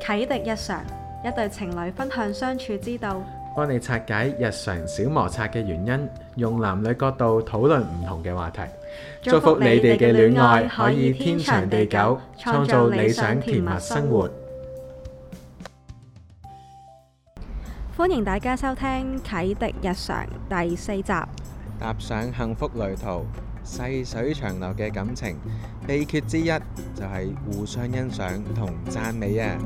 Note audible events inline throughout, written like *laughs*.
啟迪日常，一對情侶分享相處之道，幫你拆解日常小摩擦嘅原因，用男女角度討論唔同嘅話題，祝福你哋嘅戀愛可以天長地久，創造理想甜蜜生活。歡迎大家收聽啟迪日常第四集，踏上幸福旅途。細水長流嘅感情，秘訣之一就係、是、互相欣賞同讚美啊！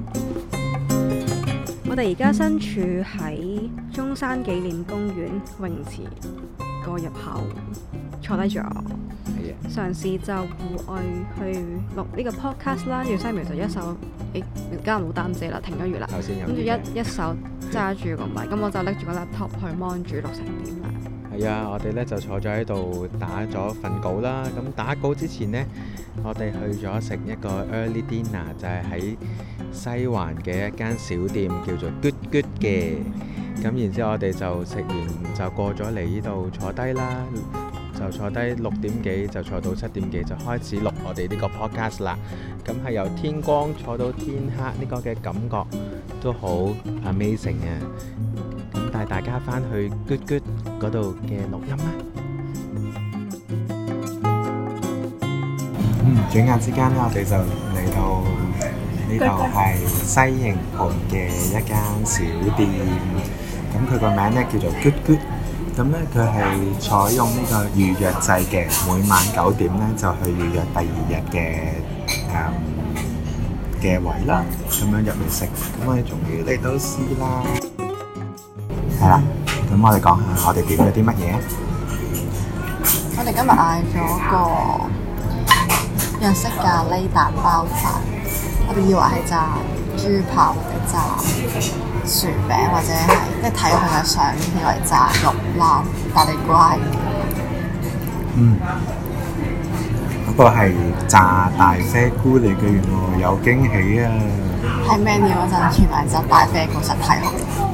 我哋而家身處喺中山紀念公園泳池個入口，坐低咗，嘗試的就戶外去錄呢個 podcast 啦。要生苗就一手，誒，家唔好擔遮啦，停咗雨啦，跟住一一手揸住個咪，咁的我就拎住個 laptop 去 mon 住錄成點啦。係啊、哎，我哋咧就坐咗喺度打咗份稿啦。咁打稿之前呢，我哋去咗食一個 early dinner，就係喺西環嘅一間小店，叫做 Good Good 嘅。咁然之後我哋就食完就過咗嚟呢度坐低啦，就坐低六點幾就坐到七點幾就開始錄我哋呢個 podcast 啦。咁係由天光坐到天黑，呢個嘅感覺都好 amazing 啊！帶大家翻去 Good Good 嗰度嘅錄音啦。嗯，轉眼之間咧我哋就嚟到呢度係西營盤嘅一間小店。咁佢個名咧叫做 Good Good。咁咧佢係採用呢個預約制嘅，每晚九點咧就去預約第二日嘅誒嘅位啦。咁樣入嚟食，咁我哋仲要嚟到試啦。係啦，咁我哋講下我哋點咗啲乜嘢？我哋今日嗌咗個日式咖喱蛋包飯，我哋以為係炸豬扒，或者炸薯餅，或者係即係睇佢嘅相以為炸肉包，但係佢嗯，嗰、嗰個係炸大啡菇嚟嘅，原來有驚喜啊！喺 menu 嗰陣，全係炸大啡菇，真係、啊、好。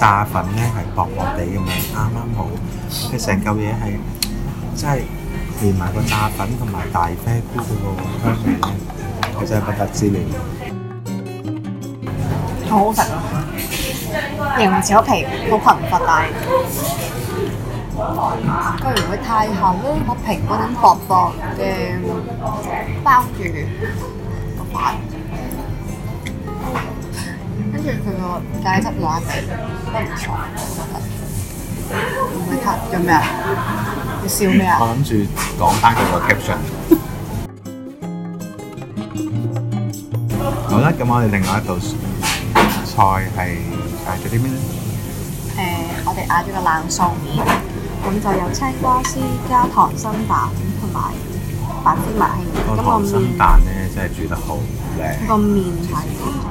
炸粉咧係薄薄地嘅味，啱啱好。佢成嚿嘢係真係連埋個炸粉同埋大啡菇個香味呢，佢真係不得了。好好食，羊舌皮好勤奮，但係居然唔會太厚咯，好平穩咁薄薄嘅包住。跟住佢個雞汁辣，得嚟都唔錯，我覺得。唔好睇，做咩啊？你笑咩啊？我諗住講翻佢個 caption。 *laughs* 好啦，咁我哋另外一道菜係嗌咗啲咩咧？誒、呃，我哋嗌咗個冷素麵，咁就有青瓜絲加溏心蛋同埋白芝麻餡。糖生嗰個溏心蛋咧，真係煮得好靚。個麵睇個。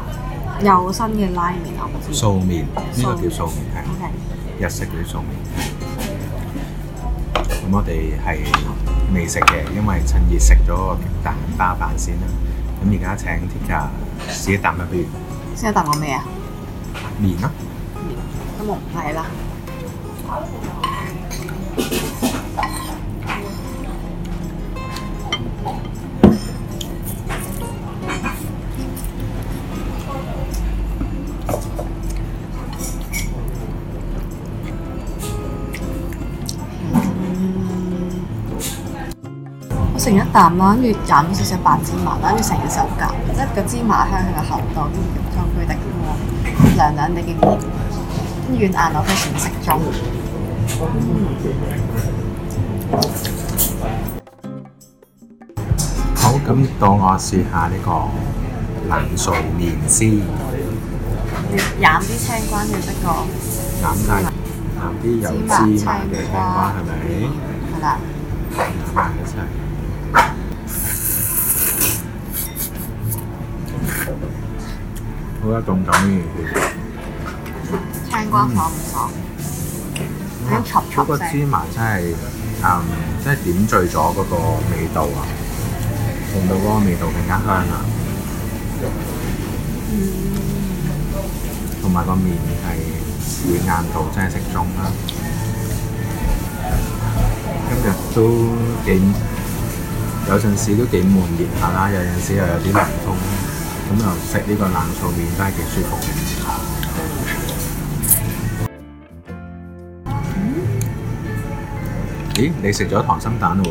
有新嘅拉麵，好唔好先？素麵，呢個叫素麵，係。O K。日式嗰啲素麵，係。咁我哋係未食嘅，因為趁熱食咗個蛋花飯先啦。咁而家請 Tikka 試一啖吖，不如。試一啖個咩啊？麵咯。咁冇計啦。成一啖啦，跟住飲少少白芝麻，跟住成隻手夾，一係、嗯、個,個芝麻香喺個喉度，跟住肉佢居的喎，涼涼地嘅軟硬落去，全食中。好，咁到我試下呢個冷水麵先。飲啲青瓜嘅呢個飲，飲啲有芝麻嘅青瓜係咪？係啦。是好有重感嘅，其實青瓜爽唔爽？嗰個芝麻真係，嗯，真係點綴咗嗰個味道啊，令到嗰個味道更加香啊。嗯。同埋個麵係軟硬度真係適中啦。今日都幾有陣時都幾悶熱下啦，有陣時又有啲涼風。咁又食呢個冷醋麵都係幾舒服嘅。咦？你食咗糖心蛋咯？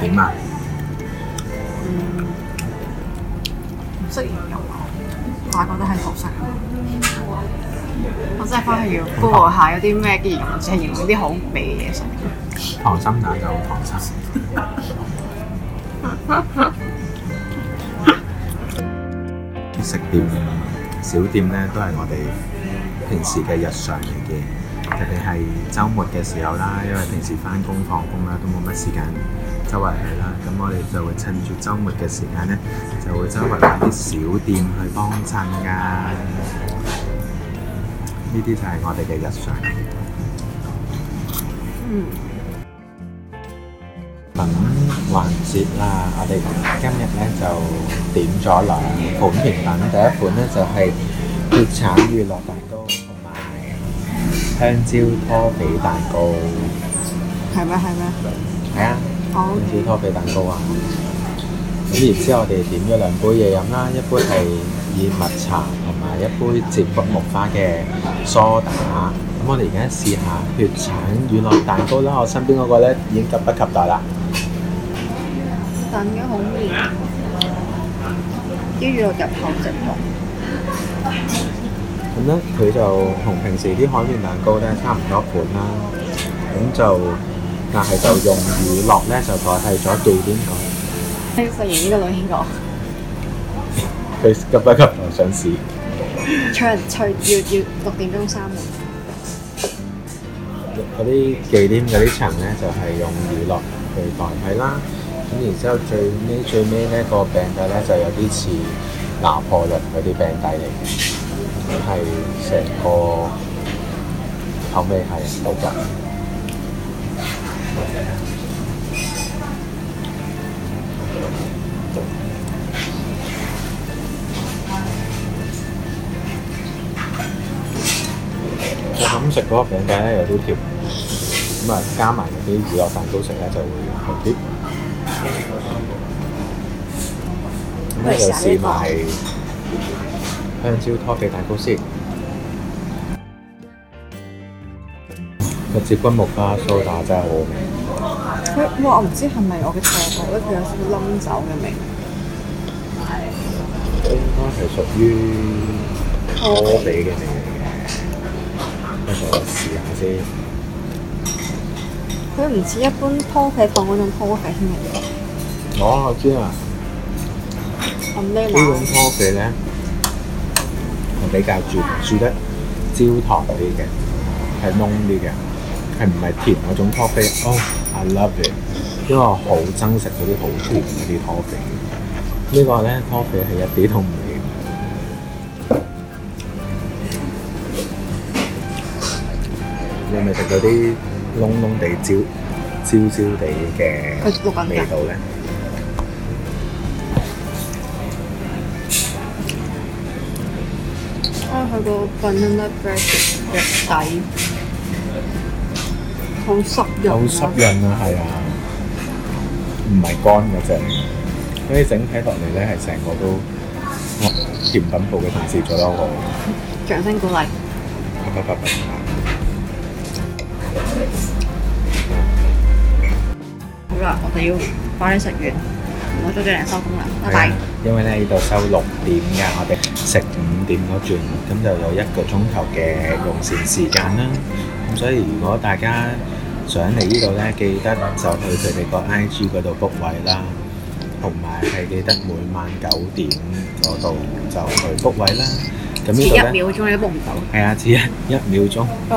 點啊？唔識形容啊！我覺得係好適合。我真係翻去要 google 下有啲咩嘅形容詞，形容啲好味嘅嘢食。糖心蛋就好。食店小店咧，都係我哋平時嘅日常嚟嘅，特別係周末嘅時候啦，因為平時翻工放工啦，都冇乜時間周圍去啦，咁我哋就會趁住周末嘅時間咧，就會周圍揾啲小店去幫襯噶。呢啲就係我哋嘅日常。嗯環節啦！我哋今日咧就點咗兩款甜品，第一款咧就係血橙乳酪蛋糕同埋香蕉拖比蛋糕，係咩係咩？係啊，oh, okay. 香蕉拖比蛋糕啊！咁然之後我哋點咗兩杯嘢飲啦，一杯係燕麥茶同埋一杯接骨木花嘅梳打。咁我哋而家試下血橙乳酪蛋糕啦！我身邊嗰個咧已經急不及待啦～粉嘅好甜，啲乳酪入口即溶。咁咧，佢就同平時啲海綿蛋糕咧差唔多款啦。咁就，但係就用乳酪咧就代替咗忌廉咁。你食完呢個老兄，佢急不急想試？催！催！要要六點鐘三門。嗰啲忌廉嗰啲層咧，就係、是、用乳酪去代替啦。咁然之後最尾最尾呢個餅底呢，就有啲似拿破崙嗰啲餅底嚟。佢係成個後背係我鹹食嗰個餅底呢，有啲甜，咁啊加埋嗰啲乳酪蛋糕食呢，就會好啲。咁咧、嗯、就試埋、呢個、香蕉拖肥蛋糕先。蜜汁接骨木加蘇打真係好味。欸、哇我是是我唔知係咪我嘅錯覺咧，佢有少少冧酒嘅味。係、嗯。應該係屬於拖肥嘅味嚟嘅米、嗯。我試下先。佢唔似一般拖肥放嗰種拖肥添。我我知啊！呢種 coffee 呢係比較煮煮得焦糖啲嘅，係濃啲嘅，係唔係甜嗰種 coffee？哦，I love it！因為我好憎食嗰啲好甜嗰啲 coffee。呢個呢 coffee 係一啲都唔甜。你係咪食到啲濃濃地焦焦焦地嘅味道呢？佢個 banana bread 底好濕潤，好濕潤啊，係啊，唔係乾嘅啫，所以整體落嚟咧，係成個都甜品部嘅同事做咯喎，掌聲鼓勵，好啦，我哋要快啲食完。我都幾零收工啦，係啊，因為咧呢度收六點㗎，我哋食五點嗰轉，咁就有一個鐘頭嘅用膳時間啦。咁所以如果大家想嚟呢度咧，記得就去佢哋個 IG 嗰度復位啦，同埋係記得每晚九點嗰度就去復位啦。咁呢度咧，一秒鐘你都復唔到。係啊，只一一秒鐘，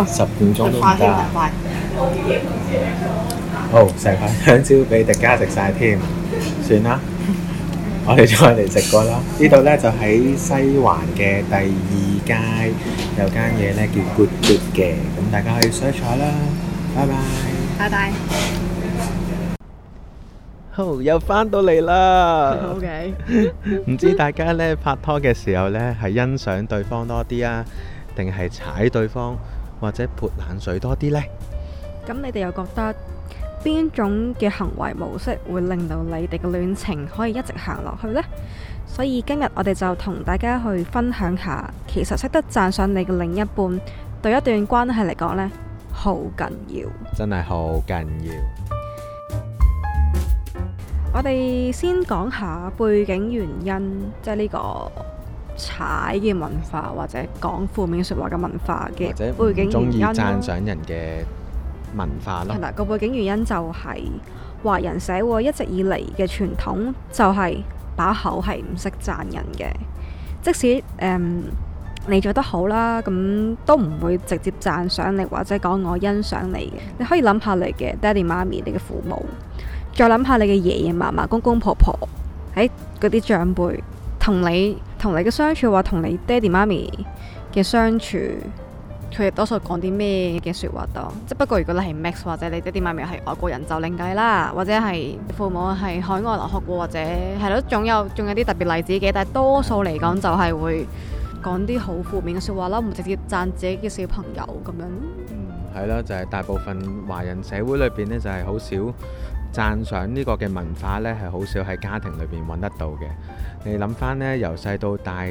十秒鐘都唔得。好，成塊香蕉俾迪嘉食曬添。算啦， *laughs* 我哋再嚟食過啦。呢度呢，就喺西環嘅第二街有間嘢，呢叫 Good Good 嘅，咁大家去 search 下啦。拜拜，拜拜。好，又翻到嚟啦。OK。 *laughs* 唔知大家呢，拍拖嘅時候呢，係欣賞對方多啲啊，定係踩對方或者潑冷水多啲呢？咁你哋又覺得？邊種嘅行為模式會令到你哋嘅戀情可以一直行落去呢？所以今日我哋就同大家去分享下，其實識得讚賞你嘅另一半，對一段關係嚟講呢，好緊要，真係好緊要。我哋先講下背景原因，即係呢個踩嘅文化，或者講負面說話嘅文化嘅背景原因。中意讚賞人嘅。文化咯，係啦，個 *noise* *noise* 背景原因就係華人社會一直以嚟嘅傳統就係把口係唔識讚人嘅，即使誒、嗯、你做得好啦，咁都唔會直接讚賞你或者講我欣賞你嘅。你可以諗下你嘅爹哋媽咪，你嘅父母，再諗下你嘅爺爺嫲嫲、公公婆婆，喺嗰啲長輩同你同你嘅相處，或同你爹哋媽咪嘅相處。佢哋多數講啲咩嘅説話多？即不過，如果你係 Max 或者你爹地媽咪係外國人，就另計啦。或者係父母係海外留學過，或者係咯，總有總有啲特別例子嘅。但係多數嚟講，就係會講啲好負面嘅説話囉，唔直接讚自己嘅小朋友咁樣。嗯，係啦，就係、是、大部分華人社會裏邊呢，就係好少讚賞呢個嘅文化呢係好少喺家庭裏邊揾得到嘅。你諗翻呢，由細到大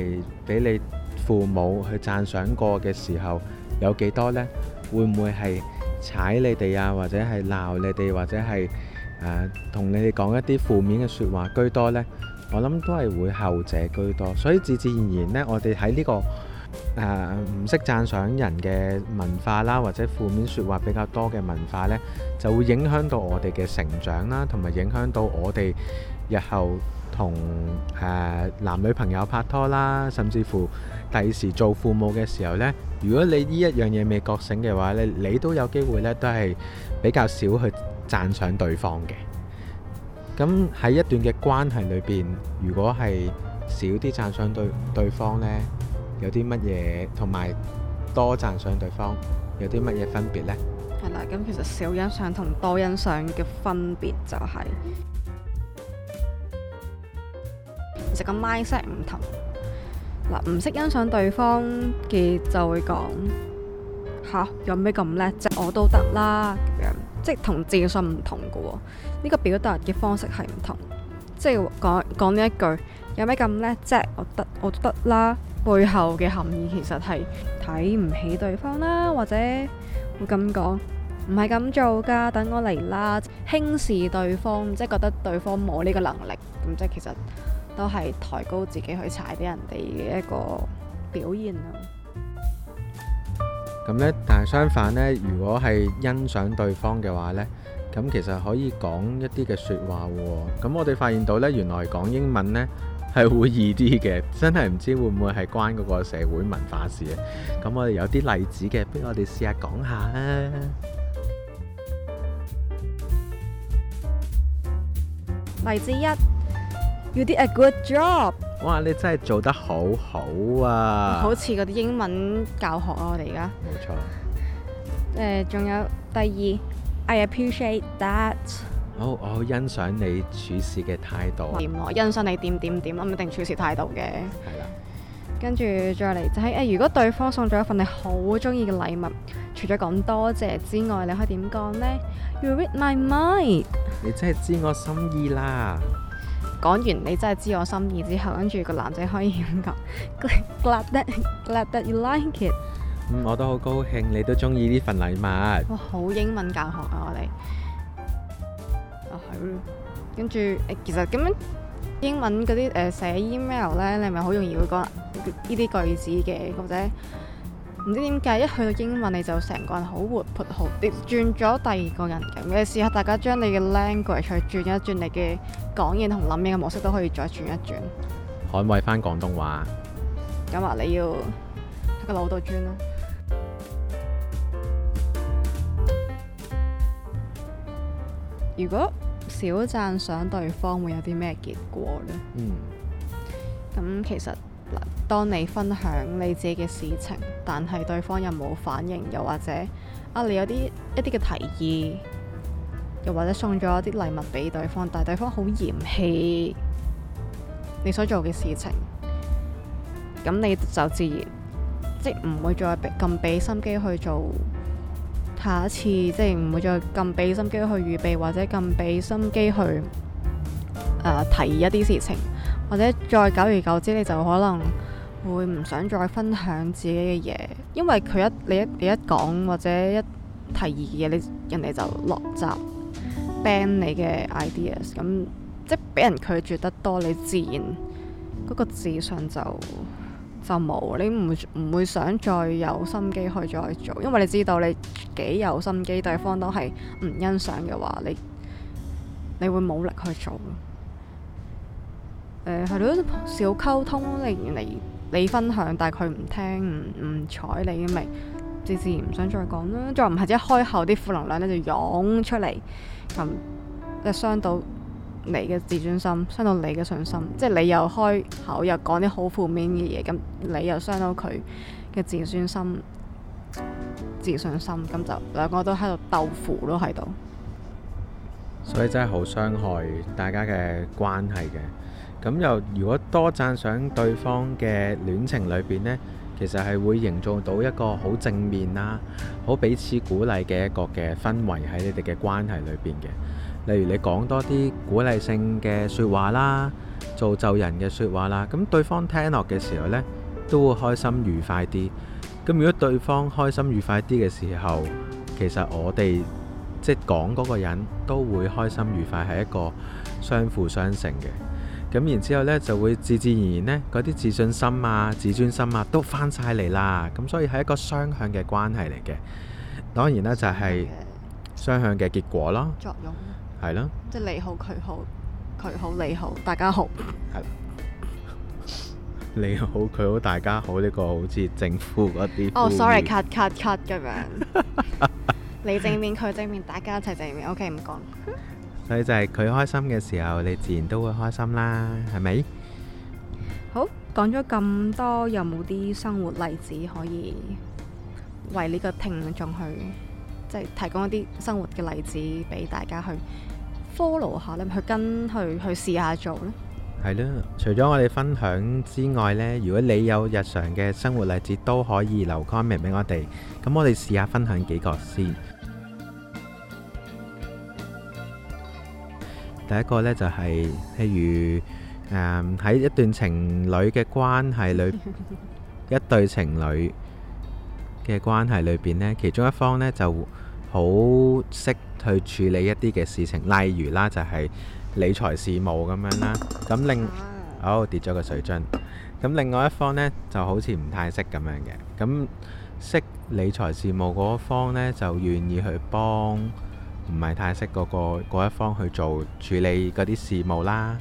俾你父母去讚賞過嘅時候。有幾多呢？會唔會係踩你哋啊，或者係鬧你哋，或者係誒同你哋講一啲負面嘅説話居多呢？我諗都係會後者居多，所以自自然然呢，我哋喺呢個誒唔識讚賞人嘅文化啦，或者負面説話比較多嘅文化呢，就會影響到我哋嘅成長啦，同埋影響到我哋日後，同誒男女朋友拍拖啦，甚至乎第時做父母嘅時候呢，如果你呢一樣嘢未覺醒嘅話咧，你都有機會呢都係比較少去讚賞對方嘅。咁喺一段嘅關係裏邊，如果係少啲讚賞對對方呢，有啲乜嘢，同埋多讚賞對方有啲乜嘢分別呢？係啦，咁其實少欣賞同多欣賞嘅分別就係、是。其實個 mindset 唔同，唔識、啊、欣賞對方嘅就會講吓、啊，有咩咁叻啫？我都得啦，即係同自信唔同噶喎。呢個表達嘅方式係唔同，即係講講呢一句有咩咁叻啫？我得，我都得啦，背後嘅含義其實係睇唔起對方啦，或者會咁講唔係咁做噶，等我嚟啦，輕視對方，即係覺得對方冇呢個能力咁，即係其實。都係抬高自己去踩俾人哋嘅一個表現咁、啊、呢，但係相反呢，如果係欣賞對方嘅話呢，咁其實可以講一啲嘅說話嘅。咁我哋發現到呢，原來講英文呢係會易啲嘅，真係唔知會唔會係關嗰個社會文化事啊？咁我哋有啲例子嘅，俾我哋試下講下啦。例子一。You did a good job！哇，你真係做得好好啊！好似嗰啲英文教學啊，我哋而家冇錯。誒錯，仲，呃、有第二，I appreciate that。好，我好欣賞你處事嘅態度。點我欣賞你點點點，唔一定處事態度嘅。係啦了。跟住再嚟就係，是，誒、呃，如果對方送咗一份你好中意嘅禮物，除咗講多謝之外，你可以點講呢？You read my mind。你真係知我心意啦！講完你真係知我心意之後，跟住個男仔可以咁講，Glad that glad that you like it。嗯，我都好高興，你都中意呢份禮物。哇，好英文教學啊，我哋。哦、啊係、跟住、欸、其實咁樣英文嗰啲誒、呃、寫 email 呢，你咪好容易會講呢啲句子嘅，或者唔知點解一去到英文你就成個人活潑好活潑好啲。轉咗第二個人咁你試下大家將你嘅 language 去轉一轉你嘅。講嘢同諗嘢嘅模式都可以再轉一轉。捍衛翻廣東話。咁啊，你要喺個腦度轉囉。如果少讚賞對方會有啲咩結果呢？嗯。咁其實嗱，當你分享你自己嘅事情，但係對方又冇反應，又或者啊，你有啲一啲嘅提議。又或者送咗一啲禮物俾對方，但係對方好嫌棄你所做嘅事情，咁你就自然即唔會再俾咁俾心機去做下一次，即係唔會再咁俾心機去預備，或者咁俾心機去誒、呃、提一啲事情，或者再久而久之，你就可能會唔想再分享自己嘅嘢，因為佢一你一你一講或者一提議嘅嘢，你人哋就落閘。ban 你嘅 ideas，咁即係俾人拒絕得多，你自然嗰個自信就就冇，你唔會唔會想再有心機去再做，因為你知道你幾有心機，對方都係唔欣賞嘅話，你你會冇力去做。誒、呃，係咯，少溝通，你你你分享，但係佢唔聽，唔唔睬，你明？自自然唔想再講啦，再唔係一開口啲負能量咧就湧出嚟，咁就傷到你嘅自尊心，傷到你嘅信心。即係你又開口又講啲好負面嘅嘢，咁你又傷到佢嘅自尊心、自信心，咁就兩個都喺度鬥負咯喺度。所以真係好傷害大家嘅關係嘅。咁又如果多讚賞對方嘅戀情裏邊呢？其實係會營造到一個好正面啦，好彼此鼓勵嘅一個嘅氛圍喺你哋嘅關係裏邊嘅。例如你講多啲鼓勵性嘅説話啦，做就人嘅説話啦，咁對方聽落嘅時候呢，都會開心愉快啲。咁如果對方開心愉快啲嘅時候，其實我哋即講嗰個人都會開心愉快，係一個相輔相成嘅。咁然之後呢，就會自自然然呢，嗰啲自信心啊、自尊心啊，都翻晒嚟啦。咁、嗯、所以係一個雙向嘅關係嚟嘅。當然呢，的就係雙向嘅結果咯。作用係咯，的即係你好佢好，佢好你好，大家好。係。 *laughs* 你好佢好大家好呢、呢個好似政府嗰啲。哦、oh，sorry，cut cut cut 咁樣。 *laughs* 你正面佢正面，大家一齊正面。OK，唔講。所以就係佢開心嘅時候，你自然都會開心啦，係咪？好，講咗咁多，有冇啲生活例子可以為呢個聽眾去，即係提供一啲生活嘅例子俾大家去 follow 下咧，去跟去去試下做呢？係啦，除咗我哋分享之外呢，如果你有日常嘅生活例子都可以留 comment 俾我哋，咁我哋試下分享幾個先。第一個呢，就係、是，譬如誒喺、嗯、一段情侶嘅關係裏， *laughs* 一對情侶嘅關係裏邊呢，其中一方呢就好識去處理一啲嘅事情，例如啦就係理財事務咁樣啦。咁另，哦跌咗個水樽。咁另外一方呢就好似唔太識咁樣嘅。咁識理財事務嗰方呢，就願意去幫。唔係太識嗰個嗰一方去做處理嗰啲事務啦，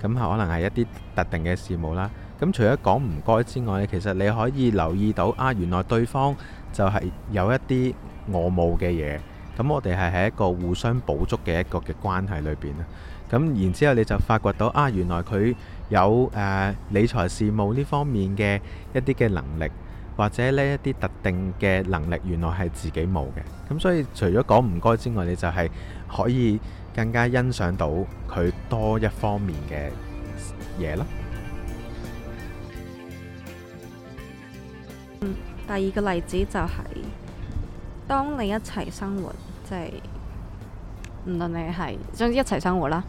咁可能係一啲特定嘅事務啦。咁除咗講唔該之外，呢其實你可以留意到啊，原來對方就係有一啲我冇嘅嘢。咁我哋係喺一個互相補足嘅一個嘅關係裏邊啦。咁然之後你就發掘到啊，原來佢有誒理財事務呢方面嘅一啲嘅能力。或者呢一啲特定嘅能力，原來係自己冇嘅。咁所以除咗講唔該之外，你就係可以更加欣賞到佢多一方面嘅嘢咯。嗯，第二個例子就係當你一齊生活，即係唔論你係一齊生活啦，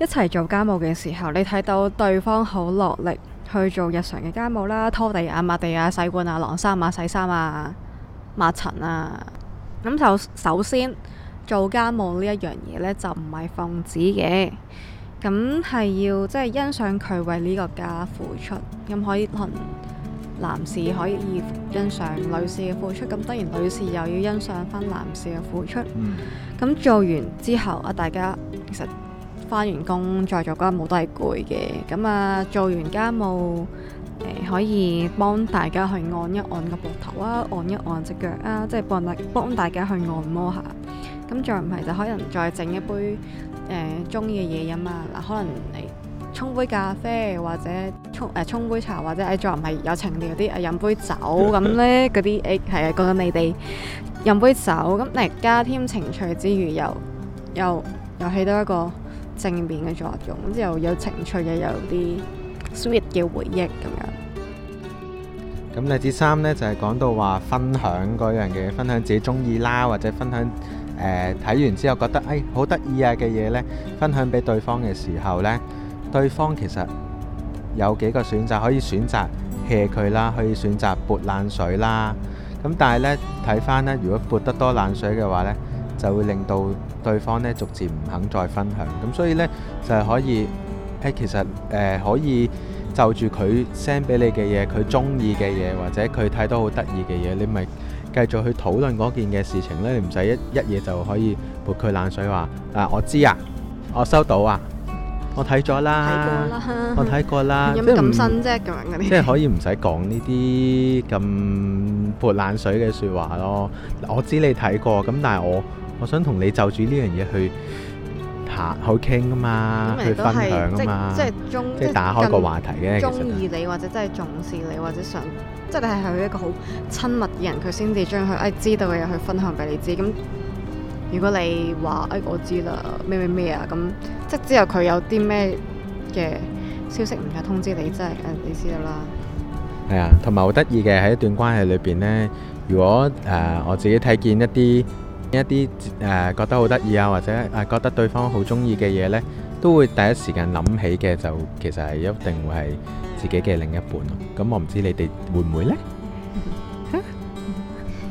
一齊做家務嘅時候，你睇到對方好落力。去做日常嘅家務啦，拖地啊、抹地啊、洗碗啊、晾衫啊、洗衫啊、抹塵啊。咁就首先做家務呢一樣嘢呢，就唔係奉旨嘅，咁係要即係、就是、欣賞佢為呢個家付出。咁可以同男士可以欣賞女士嘅付出，咁當然女士又要欣賞返男士嘅付出。咁、嗯、做完之後啊，大家其實～翻完工再做家務都係攰嘅，咁啊做完家務、呃、可以幫大家去按一按個膊頭啊，按一按隻腳啊，即係幫大幫大家去按摩下。咁再唔係就可能再整一杯誒中意嘅嘢飲啊。嗱，可能你沖杯咖啡或者沖誒沖杯茶，或者誒、哎、再唔係有情調啲啊飲杯酒咁 *laughs* 呢，嗰啲誒係啊覺得你哋飲杯酒咁嚟加添情趣之餘，又又又，又，又起到一個。正面嘅作用，之後有情趣嘅，有啲 sweet 嘅回憶咁樣。咁例子三呢，就係講到話分享嗰樣嘢，分享自己中意啦，或者分享誒睇、呃、完之後覺得誒、哎、好得意啊嘅嘢呢，分享俾對方嘅時候呢，對方其實有幾個選擇，可以選擇 hea 佢啦，可以選擇潑冷水啦。咁但係呢，睇翻呢，如果潑得多冷水嘅話呢。就會令到對方咧，逐漸唔肯再分享，咁所以呢，就係可以誒，其實誒、呃、可以就住佢 send 俾你嘅嘢，佢中意嘅嘢，或者佢睇到好得意嘅嘢，你咪繼續去討論嗰件嘅事情咧，你唔使一一嘢就可以潑佢冷水話啊！我知啊，我收到啊，我睇咗啦，我睇過啦，有咩咁新啫咁樣，嗰即係不可以唔使講呢啲咁潑冷水嘅説話咯。 *laughs* 我知你睇過，咁但係我。我想同你就住呢樣嘢去行，好傾噶嘛，都去分享噶嘛，即係即係是打開個話題嘅。中意你或者真係重視你或者想，即係你係佢一個好親密嘅人，佢先至將佢誒知道嘅嘢去分享俾你知。咁如果你話誒我知啦，咩咩咩啊咁，即係之後佢有啲咩嘅消息唔係通知你，真係誒你知道啦。係啊，同埋好得意嘅喺一段關係裏邊呢，如果誒我自己睇見一啲。一啲誒、呃、覺得好得意啊，或者誒、呃、覺得對方好中意嘅嘢呢，都會第一時間諗起嘅，就其實係一定會係自己嘅另一半咯。咁我唔知你哋會唔會呢？ *laughs*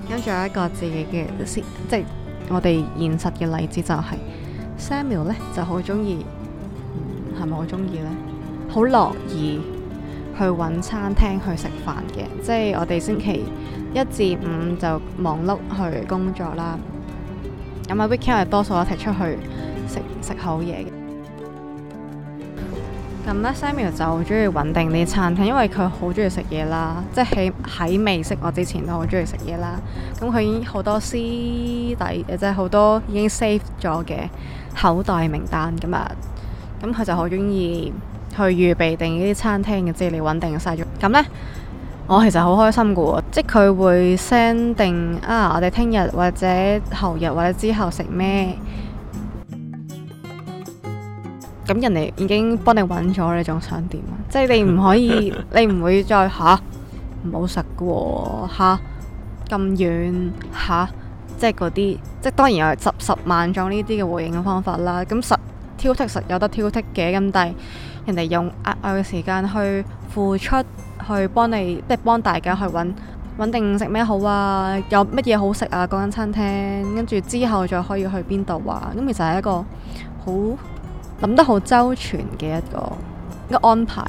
跟住有一個自己嘅，即係我哋現實嘅例子就係、是、Samuel 呢就好中意，係咪好中意呢？好樂意去揾餐廳去食飯嘅，即係我哋星期一至五就忙碌去工作啦。咁啊，weekend 係多數一齊出去食食好嘢嘅。咁咧 Samuel 就好中意搵定啲餐廳，因為佢好中意食嘢啦，即係喺未識我之前都好中意食嘢啦。咁佢已經好多私底，即係好多已經 save 咗嘅口袋名單咁啊。咁佢就好中意去預備定呢啲餐廳嘅資料，搵定晒咗。咁呢。我、哦、其實好開心嘅喎，即係佢會 send 定啊，我哋聽日或者後日或者之後食咩？咁人哋已經幫你揾咗，你仲想點 *laughs* 啊，啊，啊？即係你唔可以，你唔會再吓唔好食嘅喎吓，咁遠吓，即係嗰啲即係當然有十十萬種呢啲嘅回應嘅方法啦。咁實挑剔實有得挑剔嘅，咁但係人哋用額外嘅時間去付出。去幫你，即係幫大家去揾揾定食咩好啊？有乜嘢好食啊？嗰間餐廳，跟住之後再可以去邊度啊？咁其實係一個好諗得好周全嘅一個嘅安排，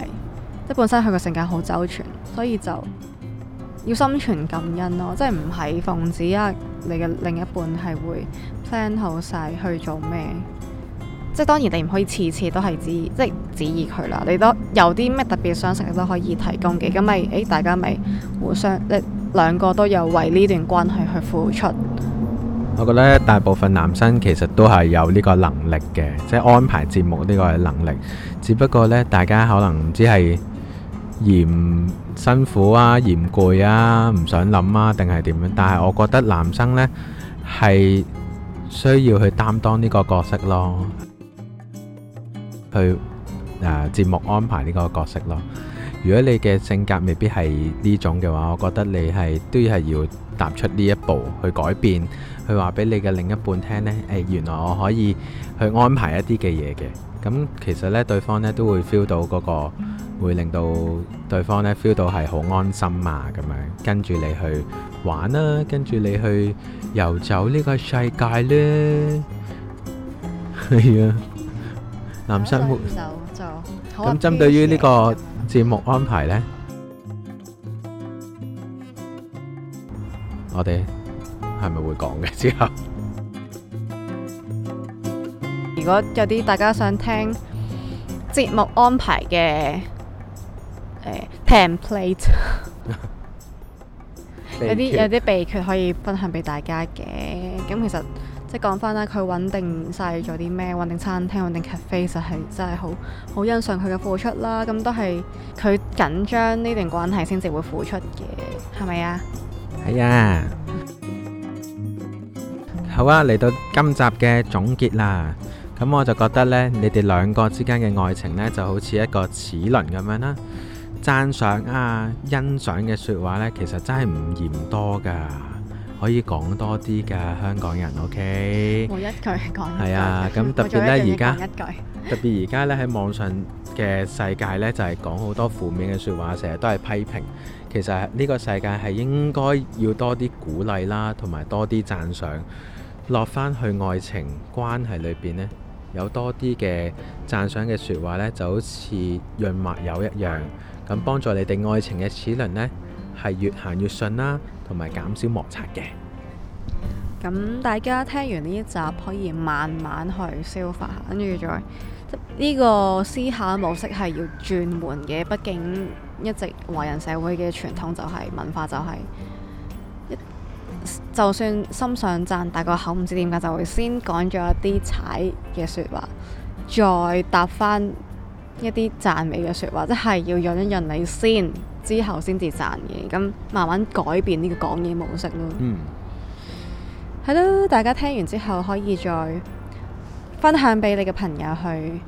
即本身佢個性格好周全，所以就要心存感恩咯，即係唔係奉旨啊？你嘅另一半係會 plan 好晒去做咩？即係當然你唔可以次次都係指即係指意佢啦，你都有啲咩特別想食嘅，都可以提供嘅，咁咪誒大家咪互相，誒兩個都有為呢段關係去付出。我覺得大部分男生其實都係有呢個能力嘅，即係安排節目呢個能力，只不過呢，大家可能唔知係嫌辛苦啊、嫌攰啊、唔想諗啊，定係點樣？但係我覺得男生呢，係需要去擔當呢個角色咯。去誒、呃、節目安排呢個角色咯。如果你嘅性格未必係呢種嘅話，我覺得你係都係要踏出呢一步去改變，去話俾你嘅另一半聽呢，誒、哎，原來我可以去安排一啲嘅嘢嘅。咁、嗯、其實呢，對方咧都會 feel 到嗰、那個會令到對方咧 feel 到係好安心啊。咁樣跟住你去玩啦、啊，跟住你去遊走呢個世界咧。係啊。男生活，咁針對於呢個節目安排呢，我哋係咪會講嘅之後？如果有啲大家想聽節目安排嘅誒 template，有啲有啲秘訣可以分享俾大家嘅，咁其實。即係講返啦，佢穩定晒做啲咩？穩定餐廳，穩定 cafe 就係真係好好欣賞佢嘅付出啦。咁都係佢緊張呢段關係先至會付出嘅，係咪啊？係啊！好啊，嚟到今集嘅總結啦。咁我就覺得呢，你哋兩個之間嘅愛情呢，就好似一個齒輪咁樣啦。讚賞啊，欣賞嘅説話呢，其實真係唔嫌多㗎。可以講多啲㗎，香港人，OK？冇一句講一句，係啊，咁特別呢而家，特別而家呢喺網上嘅世界呢，就係講好多負面嘅説話，成日都係批評。其實呢個世界係應該要多啲鼓勵啦，同埋多啲讚賞。落返去愛情關係裏邊呢，有多啲嘅讚賞嘅説話呢，就好似潤滑油一樣，咁幫助你哋愛情嘅齒輪呢，係越行越順啦。同埋減少摩擦嘅。咁大家聽完呢一集，可以慢慢去消化下，跟住再即呢、呢個思考模式係要轉換嘅。畢竟一直華人社會嘅傳統就係、係、文化就係、係、就算心上讚，但個口唔知點解就會先講咗一啲踩嘅説話，再答返。一啲讚美嘅説話，即係要讓一讓你先，之後先至讚嘅，咁慢慢改變呢個講嘢模式咯。嗯，係咯， *noise* 大家聽完之後可以再分享俾你嘅朋友去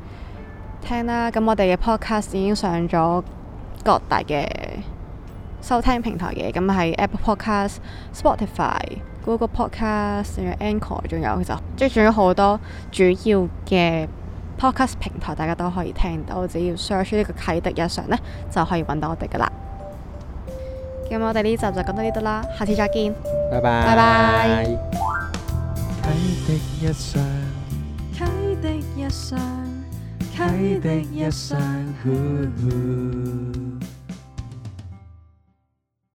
聽啦。咁、嗯、我哋嘅 podcast 已經上咗各大嘅收聽平台嘅，咁、嗯、喺 Apple Podcast、Spotify、Google Podcast or、Anchor，仲有其實即係仲有好多主要嘅。Podcast 平台，大家都可以聽到，只要 search 呢個啟迪日常呢，就可以揾到我哋噶啦。咁我哋呢集就講到呢度啦，下次再見，拜拜 bye，拜拜 bye。